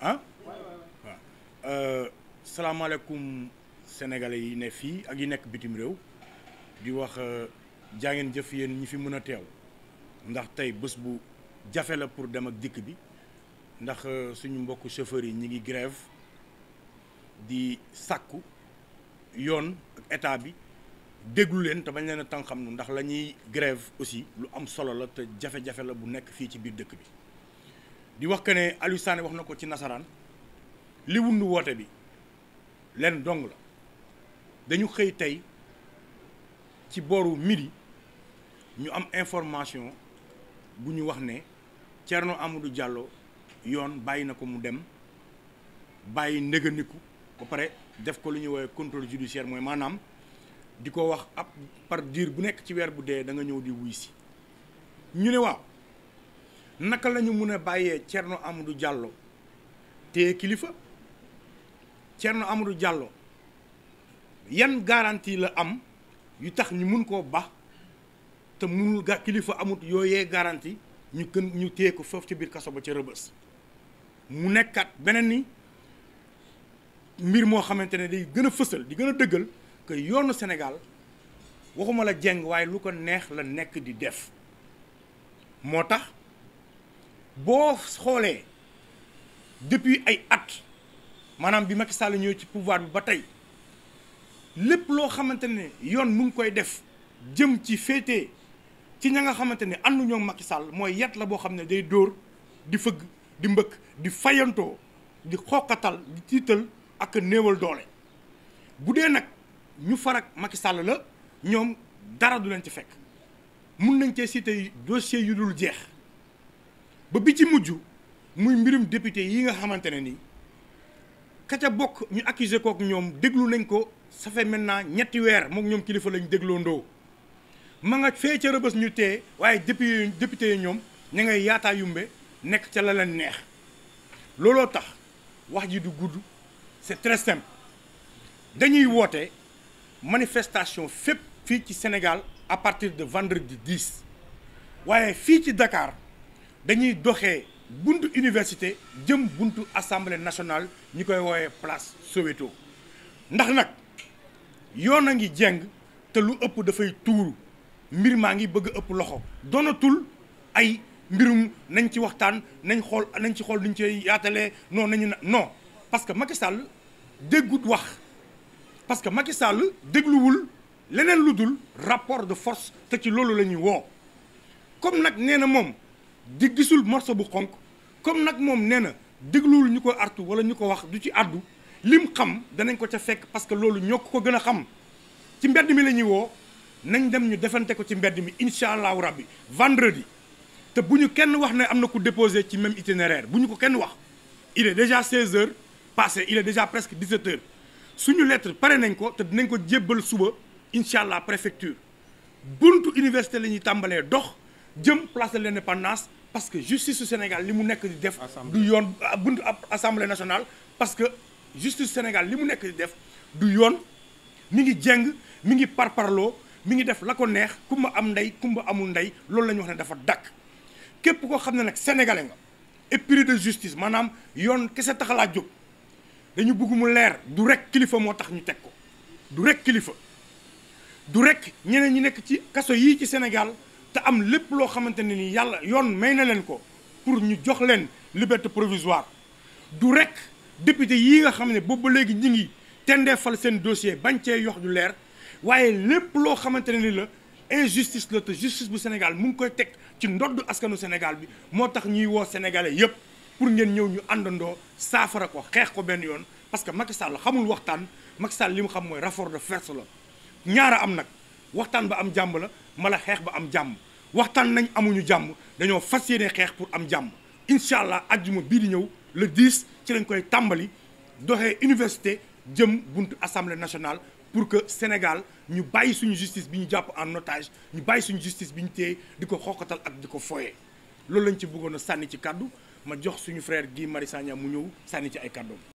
ah euh, waaw salaamaaleykum sénégalais yi ne fii ak yi nekk bitim réew di wax euh, jaa ngeen jëf yéen ñi fi mën a teew ndax tey bés bu jafe la pour dem ak dikk bi ndax euh, suñu mbokk chauffeurs yi ñu ngi grève di sàkku yoon ak état bi déglu leen te bañ leen a tànxam nu ndax la ñuy grève aussi lu am solo la te jafe-jafe la bu nekk fii ci biir dëkk bi di wax que ne Aliou wax na ko ci nasaraan li wundu woote bi leen dong la dañu xëy tey ci booru midi ñu am information bu ñu wax ne noo Amadou jàlloo yoon bàyyi na ko mu dem bàyyi ndëganiku ba pare def ko lu ñuy woowee contrôle judiciaire mooy maanaam di ko wax ab par diir bu nekk ci weer bu dee da nga ñëw di wuy si ñu ne waaw naka la ñu mun a bàyyee Thierno Amadou jàlloo te kilifa Thierno Amadou jàlloo yan garantie la am yu tax ñu mun koo ba te mu ga kilifa amut yooyee garanti ñu gën ñu téye ko foofu ci biir kaso ba ca rëbës mu nekkaat beneen ni mbir moo xamante ne day gën a fësal di gën a dëggal que yoonu Sénégal waxuma la jeng waaye lu ko neex la nekk di def moo tax boo xoolee depuis ay at maanaam bi Macky Sall ñëw ci pouvoir bi ba tey lépp loo xamante ne yoon mu ngi koy def jëm ci féete ci ña nga xamante ne ànduñoo Macky Sall mooy yat la boo xam ne day dóor di fëgg di mbëkk di fayantoo di xoqatal di tiital ak néewal doole bu dee nag ñu farak Macky Sall la ñoom dara du leen ci fekk mun nañ cee cité dossier yu dul jeex ba bi ci mujj muy mbirum député yi nga xamante ne ni ka ca bokk ñu accuser kook ñoom déglu nañ ko ça fait maintenant ñetti weer moom ñoom kilifa lañ dégloo ndoo ma nga fee ca rëbës ñu teye waaye député député yi ñoom ña ngay yaataa yumbe nekk ca la leen neex looloo tax wax ji du gudd c'est très simple dañuy woote manifestation fépp fii ci Sénégal à partir de vendredi 10 waaye fii ci dakaar dañuy doxee buntu université jëm buntu assemblée nationale ñi koy woowee place Soweto ndax nag yoon a ngi jeng te lu ëpp dafay tuuru mbir maa ngi bëgg ëpp loxo doonatul ay mbirum nañ ci waxtaan nañ xool nañ ci xool nuñ cee yaatalee non nañu na non parce que Macky Sall déggut wax parce que Macky dégluwul leneen lu dul rapport de force te ci loolu la ñuy woo comme nag nee na moom. di gisul morceau bu xonk comme nag moom nee na dégluwul ñu ko artu wala ñu ko wax du ci àddu lim xam danañ ko ca fekk parce que loolu ñoo ko gën a xam ci mbedd mi la ñuy woo nañ dem ñu defante ko ci mbedd mi incha allahu rabbi vendredi te bu ñu kenn wax ne am na ku déposé ci même itinéraire bu ñu ko kenn wax il est déjà 16 heures passé il est déjà presque 17 heures suñu lettre pare nañ ko te dinañ ko jébbal suba incha allah préfecture buntu université la ñuy tàmbalee dox jëm place de l'indépendance parce que justice su Sénégal li mu nekk di def du yoon ah, bunt ah, assemblée nationale parce que justice Sénégal li mu nekk di def du yoon mi ngi jeng mi ngi par parparloo mi ngi def la ko neex kumba am ndey kumba amul ndey loolu la ñu wax ne dafa dàkk képp koo xam ne nag sénégalais nga esprit de justice maanaam yoon kese taxalaa jóg dañu bëgg mu leer du rek kilifa moo tax ñu teg ko du rek kilifa du rek ñeneen ñi nekk ci kaso yii ci Sénégal te am lépp loo xamante ne ni yàlla yoon may na leen ko pour ñu jox leen liberté provisoire du rek député yi nga xam ne boobu léegi ñi ngi tendeefal seen dossier bañ cee yox du leer waaye lépp loo xamante ne ni la injustice la te justice bu Sénégal mu ngi koy teg ci ndodd askanu Sénégal bi moo tax ñuy woo sénégalais yépp pour ngeen ñëw ñu àndandoo saafara ko xeex ko benn yoon parce que Macky Sall xamul waxtaan Macky Sall li mu xam mooy rapport de force la ñaara am nag waxtaan ba am jàmm mala xeex ba am jàmm waxtaan nañ amuñu jàmm dañoo fas yéene xeex pour am jàmm incha allah ajjuma bii di ñëw le 10 ci lañ koy tàmbali doxee université jëm bunt assemblée nationale pour que Sénégal ñu bàyyi suñu justice bi ñu jàpp en notage ñu bàyyi suñu justice bi ñu téye di ko xookatal ak di ko fooye loolu lañ ci bëggoon a sànni ci kàddu ma jox suñu frère Guy Marius Sagna mu ñëw sànni ci ay kàddoom